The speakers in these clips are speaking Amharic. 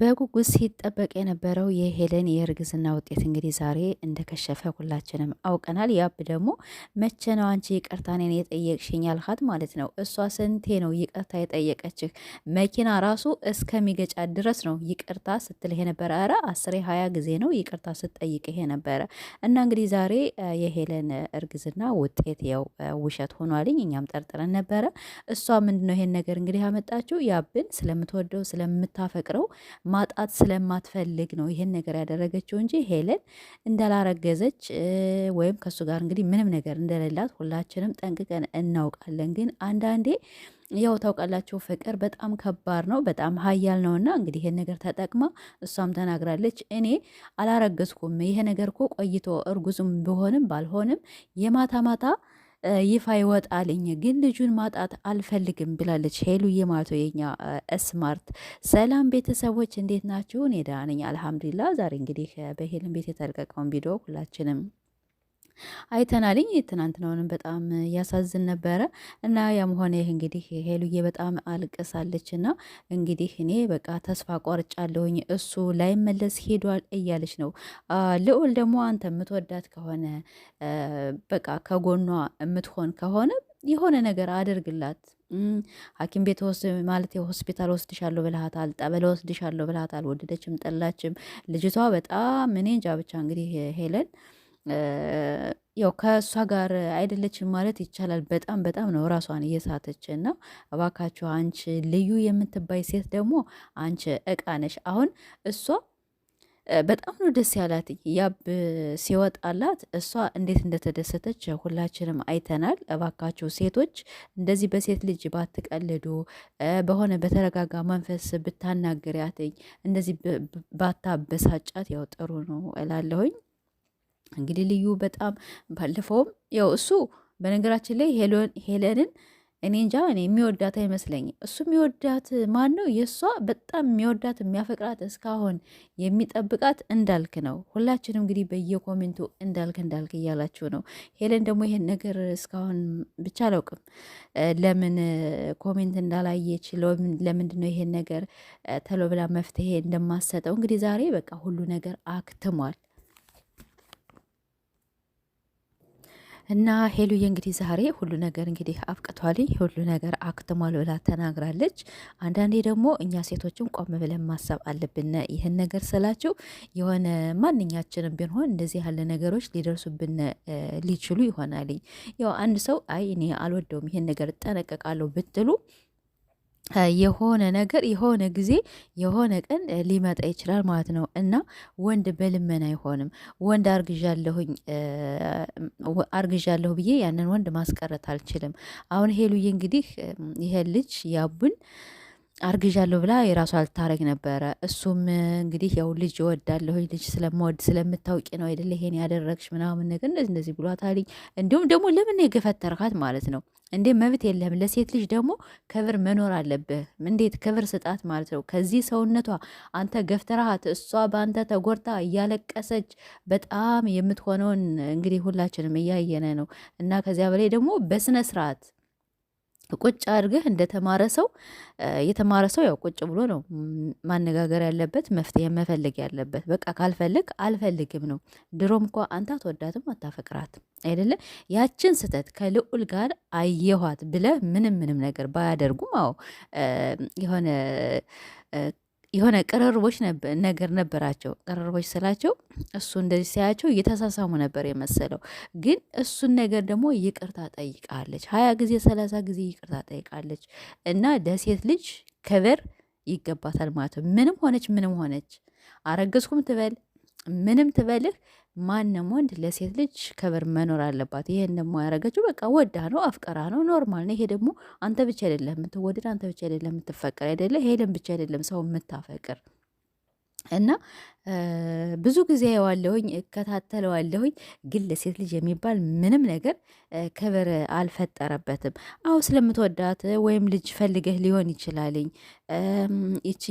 በጉጉት ሲጠበቅ የነበረው የሄለን የእርግዝና ውጤት እንግዲህ ዛሬ እንደከሸፈ ሁላችንም አውቀናል። ያብ ደግሞ መቼ ነው አንቺ ይቅርታ እኔን የጠየቅሽኝ አልካት ማለት ነው። እሷ ስንቴ ነው ይቅርታ የጠየቀችህ? መኪና ራሱ እስከሚገጫት ድረስ ነው ይቅርታ ስትልህ የነበረ። ኧረ አስሬ ሀያ ጊዜ ነው ይቅርታ ስትጠይቅህ የነበረ እና እንግዲህ ዛሬ የሄለን እርግዝና ውጤት ያው ውሸት ሆኗልኝ። እኛም ጠርጥረን ነበረ። እሷ ምንድነው ይሄን ነገር እንግዲህ ያመጣችው ያብን ስለምትወደው ስለምታፈቅረው ማጣት ስለማትፈልግ ነው ይህን ነገር ያደረገችው እንጂ ሄለን እንዳላረገዘች ወይም ከእሱ ጋር እንግዲህ ምንም ነገር እንደሌላት ሁላችንም ጠንቅቀን እናውቃለን። ግን አንዳንዴ ያው ታውቃላችሁ ፍቅር በጣም ከባድ ነው፣ በጣም ሀያል እና እንግዲህ ይሄን ነገር ተጠቅማ እሷም ተናግራለች። እኔ አላረገዝኩም፣ ይሄ ነገር እኮ ቆይቶ እርጉዝም ቢሆንም ባልሆንም የማታ ማታ ይፋ ይወጣልኝ፣ ግን ልጁን ማጣት አልፈልግም ብላለች ሄሉ የማቶ የኛ ስማርት። ሰላም ቤተሰቦች እንዴት ናችሁ? እኔ ደህና ነኝ አልሐምዱሊላ። ዛሬ እንግዲህ በሄልን ቤት የተለቀቀውን ቪዲዮ ሁላችንም አይተናልኝ ትናንትናውንም በጣም ያሳዝን ነበረ እና ያም ሆነ ይህ እንግዲህ ሄሉዬ በጣም አልቀሳለች እና እንግዲህ እኔ በቃ ተስፋ ቆርጫለሁኝ እሱ ላይመለስ ሄዷል እያለች ነው። ልዑል ደግሞ አንተ የምትወዳት ከሆነ በቃ ከጎኗ የምትሆን ከሆነ የሆነ ነገር አድርግላት። ሐኪም ቤት ወስ ማለት የሆስፒታል ወስድሻለሁ ብልሃታል፣ ጠበል ወስድሻለሁ ብልሃታል። ወደደችም ጠላችም ልጅቷ በጣም እኔ እንጃ ብቻ እንግዲህ ሄለን ያው ከእሷ ጋር አይደለችም ማለት ይቻላል። በጣም በጣም ነው ራሷን እየሳተች ነው። እባካችሁ አንቺ ልዩ የምትባይ ሴት ደግሞ አንቺ እቃ ነሽ። አሁን እሷ በጣም ነው ደስ ያላት ያብ ሲወጣላት እሷ እንዴት እንደተደሰተች ሁላችንም አይተናል። እባካችሁ ሴቶች እንደዚህ በሴት ልጅ ባትቀልዱ፣ በሆነ በተረጋጋ መንፈስ ብታናግሪያትኝ፣ እንደዚህ ባታበሳጫት ያው ጥሩ ነው እላለሁኝ። እንግዲህ ልዩ በጣም ባለፈውም ያው እሱ በነገራችን ላይ ሄለንን እኔ እንጃ እኔ የሚወዳት አይመስለኝም። እሱ የሚወዳት ማን ነው? የእሷ በጣም የሚወዳት የሚያፈቅራት እስካሁን የሚጠብቃት እንዳልክ ነው። ሁላችንም እንግዲህ በየኮሜንቱ እንዳልክ እንዳልክ እያላችሁ ነው። ሄለን ደግሞ ይሄን ነገር እስካሁን ብቻ አላውቅም፣ ለምን ኮሜንት እንዳላየች ለምንድን ነው ይሄን ነገር ተሎ ብላ መፍትሄ እንደማሰጠው እንግዲህ ዛሬ በቃ ሁሉ ነገር አክትሟል። እና ሄሉዬ እንግዲህ ዛሬ ሁሉ ነገር እንግዲህ አብቅቷል፣ ሁሉ ነገር አክትሟል ብላ ተናግራለች። አንዳንዴ ደግሞ እኛ ሴቶችም ቆም ብለን ማሰብ አለብን። ይህን ነገር ስላችሁ የሆነ ማንኛችንም ቢሆን እንደዚህ ያለ ነገሮች ሊደርሱብን ሊችሉ ይሆናል። ያው አንድ ሰው አይ እኔ አልወደውም ይህን ነገር እጠነቀቃለሁ ብትሉ የሆነ ነገር የሆነ ጊዜ የሆነ ቀን ሊመጣ ይችላል ማለት ነው። እና ወንድ በልመን አይሆንም። ወንድ አርግዣለሁኝ አርግዣለሁ ብዬ ያንን ወንድ ማስቀረት አልችልም። አሁን ሄሉዬ እንግዲህ ይሄን ልጅ ያቡን አርግዣለሁ ብላ የራሷ ልታረግ ነበረ። እሱም እንግዲህ ያው ልጅ እወዳለሁ ልጅ ስለምወድ ስለምታውቂ ነው አይደለ ይሄን ያደረግሽ ምናምን ነገር እንደዚህ እንደዚህ ብሏታልኝ። እንዲሁም ደግሞ ለምን የገፈተርካት ማለት ነው እንዴ? መብት የለህም። ለሴት ልጅ ደግሞ ክብር መኖር አለብህ። እንዴት ክብር ስጣት ማለት ነው። ከዚህ ሰውነቷ አንተ ገፍተርሃት፣ እሷ በአንተ ተጎርታ እያለቀሰች በጣም የምትሆነውን እንግዲህ ሁላችንም እያየነ ነው እና ከዚያ በላይ ደግሞ በስነ ስርዓት ቁጭ አድርገህ እንደተማረ ሰው የተማረ ሰው ያው ቁጭ ብሎ ነው ማነጋገር ያለበት፣ መፍትሄ መፈለግ ያለበት። በቃ ካልፈልግ አልፈልግም ነው። ድሮም እኮ አንተ አትወዳትም አታፈቅራት አይደለ? ያችን ስህተት ከልዑል ጋር አየኋት ብለህ ምንም ምንም ነገር ባያደርጉም አዎ የሆነ የሆነ ቅርርቦች ነገር ነበራቸው። ቅርርቦች ስላቸው እሱ እንደዚህ ሲያያቸው እየተሳሳሙ ነበር የመሰለው። ግን እሱን ነገር ደግሞ ይቅርታ ጠይቃለች። ሀያ ጊዜ ሰላሳ ጊዜ ይቅርታ ጠይቃለች። እና ለሴት ልጅ ክብር ይገባታል ማለት ነው። ምንም ሆነች ምንም ሆነች አረገዝኩም ትበል ምንም ትበልህ ማንም ወንድ ለሴት ልጅ ክብር መኖር አለባት። ይሄን ደግሞ ያደረገችው በቃ ወዳ ነው አፍቀራ ነው ኖርማል ነው። ይሄ ደግሞ አንተ ብቻ አይደለም የምትወድድ፣ አንተ ብቻ አይደለም የምትፈቅር፣ አይደለ ሄለን ብቻ አይደለም ሰው የምታፈቅር እና ብዙ ጊዜ ዋለሁኝ እከታተለዋለሁኝ፣ ግን ለሴት ልጅ የሚባል ምንም ነገር ክብር አልፈጠረበትም። አሁ ስለምትወዳት ወይም ልጅ ፈልገህ ሊሆን ይችላልኝ። ይቺ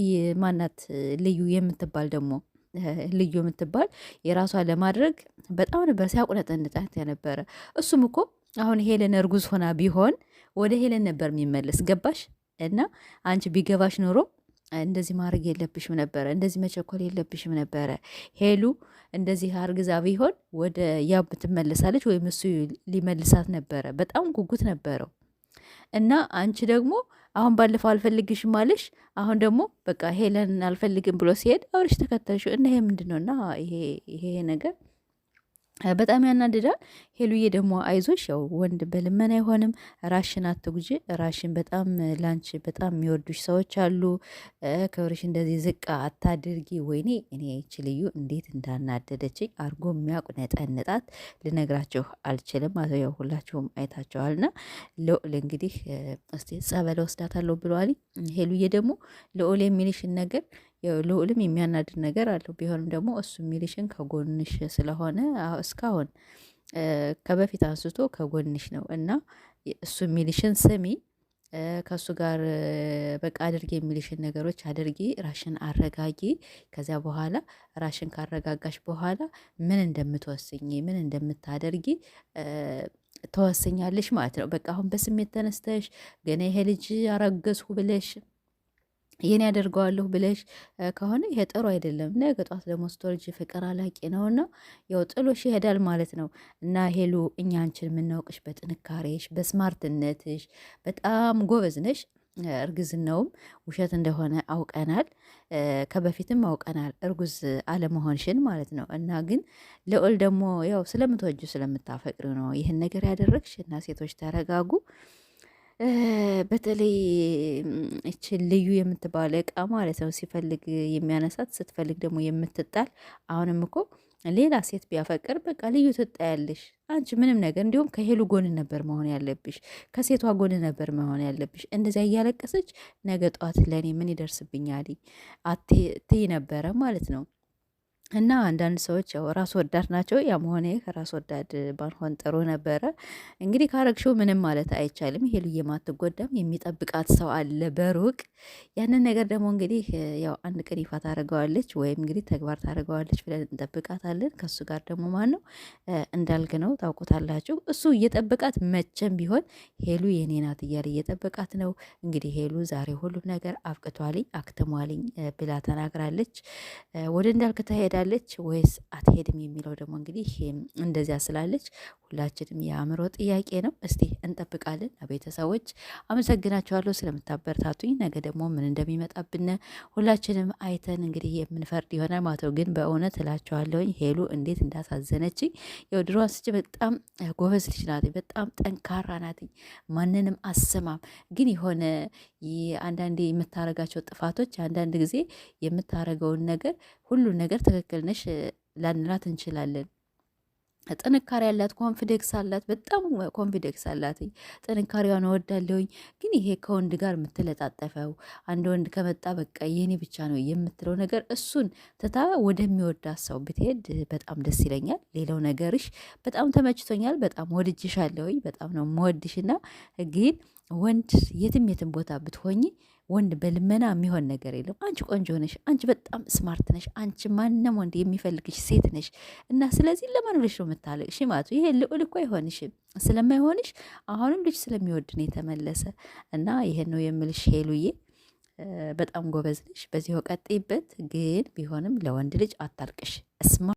ማናት ልዩ የምትባል ደግሞ ልዩ የምትባል የራሷ ለማድረግ በጣም ነበር ሲያቁነጠንጣት የነበረ። እሱም እኮ አሁን ሄለን እርጉዝ ሆና ቢሆን ወደ ሄለን ነበር የሚመለስ ገባሽ? እና አንቺ ቢገባሽ ኖሮ እንደዚህ ማድረግ የለብሽም ነበረ። እንደዚህ መቸኮል የለብሽም ነበረ። ሄሉ እንደዚህ አርግዛ ቢሆን ወደ ያብ ትመለሳለች ወይም እሱ ሊመልሳት ነበረ። በጣም ጉጉት ነበረው። እና አንቺ ደግሞ አሁን ባለፈው አልፈልግሽም አለሽ፣ አሁን ደግሞ በቃ ሄለን አልፈልግም ብሎ ሲሄድ አብረሽ ተከተልሽው እና ይሄ ምንድን ነው እና ይሄ ነገር በጣም ያናድዳል። ሄሉዬ ደግሞ አይዞሽ፣ ያው ወንድ በልመና አይሆንም፣ ራሽን አትጉጂ። ራሽን በጣም ላንች በጣም የሚወዱሽ ሰዎች አሉ። ክብርሽ እንደዚህ ዝቅ አታድርጊ። ወይኔ እኔ ይች ልዩ እንዴት እንዳናደደችኝ አርጎ የሚያውቁ ነጠንጣት ልነግራችሁ አልችልም። አቶ ያው ሁላችሁም አይታችኋልና ልዑል እንግዲህ እስቲ ጸበል ወስዳታለሁ ብለዋል። ሄሉዬ ደግሞ ልዑል የሚልሽን ነገር ልዑልም የሚያናድድ ነገር አለው። ቢሆንም ደግሞ እሱ የሚልሽን ከጎንሽ ስለሆነ እስካሁን ከበፊት አንስቶ ከጎንሽ ነው እና እሱ የሚልሽን ስሚ። ከእሱ ጋር በቃ አድርጊ የሚልሽን ነገሮች አድርጊ፣ ራሽን አረጋጊ። ከዚያ በኋላ ራሽን ካረጋጋሽ በኋላ ምን እንደምትወስኝ ምን እንደምታደርጊ ተወስኛለሽ ማለት ነው። በቃ አሁን በስሜት ተነስተሽ ገና ይሄ ልጅ አረገዝሁ ብለሽ ይህን ያደርገዋለሁ ብለሽ ከሆነ ይሄ ጥሩ አይደለም። እና የገጧት ደግሞ ስቶርጅ ፍቅር አላቂ ነውና ያው ጥሎሽ ይሄዳል ማለት ነው። እና ሄሉ እኛ አንቺን የምናውቅሽ በጥንካሬሽ፣ በስማርትነትሽ በጣም ጎበዝ ነሽ። እርግዝናውም ውሸት እንደሆነ አውቀናል፣ ከበፊትም አውቀናል፣ እርጉዝ አለመሆንሽን ማለት ነው። እና ግን ልዑል ደግሞ ያው ስለምትወጁ ስለምታፈቅሪ ነው ይህን ነገር ያደረግሽ። እና ሴቶች ተረጋጉ። በተለይ እች ልዩ የምትባለ እቃ ማለት ነው ሲፈልግ የሚያነሳት ስትፈልግ ደግሞ የምትጣል አሁንም እኮ ሌላ ሴት ቢያፈቅር በቃ ልዩ ትጣያለሽ። አንቺ ምንም ነገር እንዲሁም ከሄሉ ጎን ነበር መሆን ያለብሽ፣ ከሴቷ ጎን ነበር መሆን ያለብሽ። እንደዚያ እያለቀሰች ነገ ጧት ለእኔ ምን ይደርስብኛል አትይ ነበረ ማለት ነው። እና አንዳንድ ሰዎች ያው ራስ ወዳድ ናቸው። ያም ሆነ ከራስ ወዳድ ባልሆን ጥሩ ነበረ። እንግዲህ ካረግሽው ምንም ማለት አይቻልም። ይሄ ልዬ ማትጎዳም የሚጠብቃት ሰው አለ በሩቅ ያንን ነገር ደግሞ እንግዲህ ያው አንድ ቀን ይፋ ታደርገዋለች ወይም እንግዲህ ተግባር ታደርገዋለች ብለን እንጠብቃታለን። ከሱ ጋር ደግሞ ማን ነው እንዳልግ ነው ታውቁታላችሁ። እሱ እየጠበቃት መቼም ቢሆን ሄሉ የኔ ናት እያለ እየጠበቃት ነው። እንግዲህ ሄሉ ዛሬ ሁሉም ነገር አብቅቷልኝ አክትሟልኝ ብላ ተናግራለች። ወደ እንዳልክ ተሄዳ ትሄዳለች ወይስ አትሄድም የሚለው ደግሞ እንግዲህ እንደዚያ ስላለች ሁላችንም የአእምሮ ጥያቄ ነው። እስቲ እንጠብቃለን። ቤተሰቦች አመሰግናችኋለሁ ስለምታበረታቱኝ። ነገ ደግሞ ምን እንደሚመጣብን ሁላችንም አይተን እንግዲህ የምንፈርድ ይሆናል ማለት ነው። ግን በእውነት እላችኋለሁኝ ሄሉ እንዴት እንዳሳዘነችኝ ድሮ አንስቼ በጣም ጎበዝ ልጅ ናት። በጣም ጠንካራ ናት። ማንንም አሰማም። ግን የሆነ አንዳንዴ የምታረጋቸው ጥፋቶች አንዳንድ ጊዜ የምታረገውን ነገር ሁሉ ነገር ትክክል ነሽ ላንላት እንችላለን ጥንካሬ አላት፣ ኮንፊደንስ አላት። በጣም ኮንፊደንስ አላት። ጥንካሬዋን እወዳለሁኝ። ግን ይሄ ከወንድ ጋር የምትለጣጠፈው አንድ ወንድ ከመጣ በቃ የኔ ብቻ ነው የምትለው ነገር እሱን ትታ ወደሚወዳ ሰው ብትሄድ በጣም ደስ ይለኛል። ሌላው ነገርሽ በጣም ተመችቶኛል። በጣም ወድጅሻለሁኝ። በጣም ነው የምወድሽና ግን ወንድ የትም የትም ቦታ ብትሆኝ ወንድ በልመና የሚሆን ነገር የለም። አንቺ ቆንጆ ነሽ፣ አንቺ በጣም ስማርት ነሽ፣ አንቺ ማንም ወንድ የሚፈልግሽ ሴት ነሽ እና ስለዚህ ለማን ብለሽ ነው የምታለቅሽ? ማቱ ይሄ ልዑል እኮ አይሆንሽም። ስለማይሆንሽ አሁንም ልጅ ስለሚወድ ነው የተመለሰ እና ይሄን ነው የምልሽ ሄሉዬ። በጣም ጎበዝ ነሽ፣ በዚህ ቀጥይበት። ግን ቢሆንም ለወንድ ልጅ አታልቅሽ።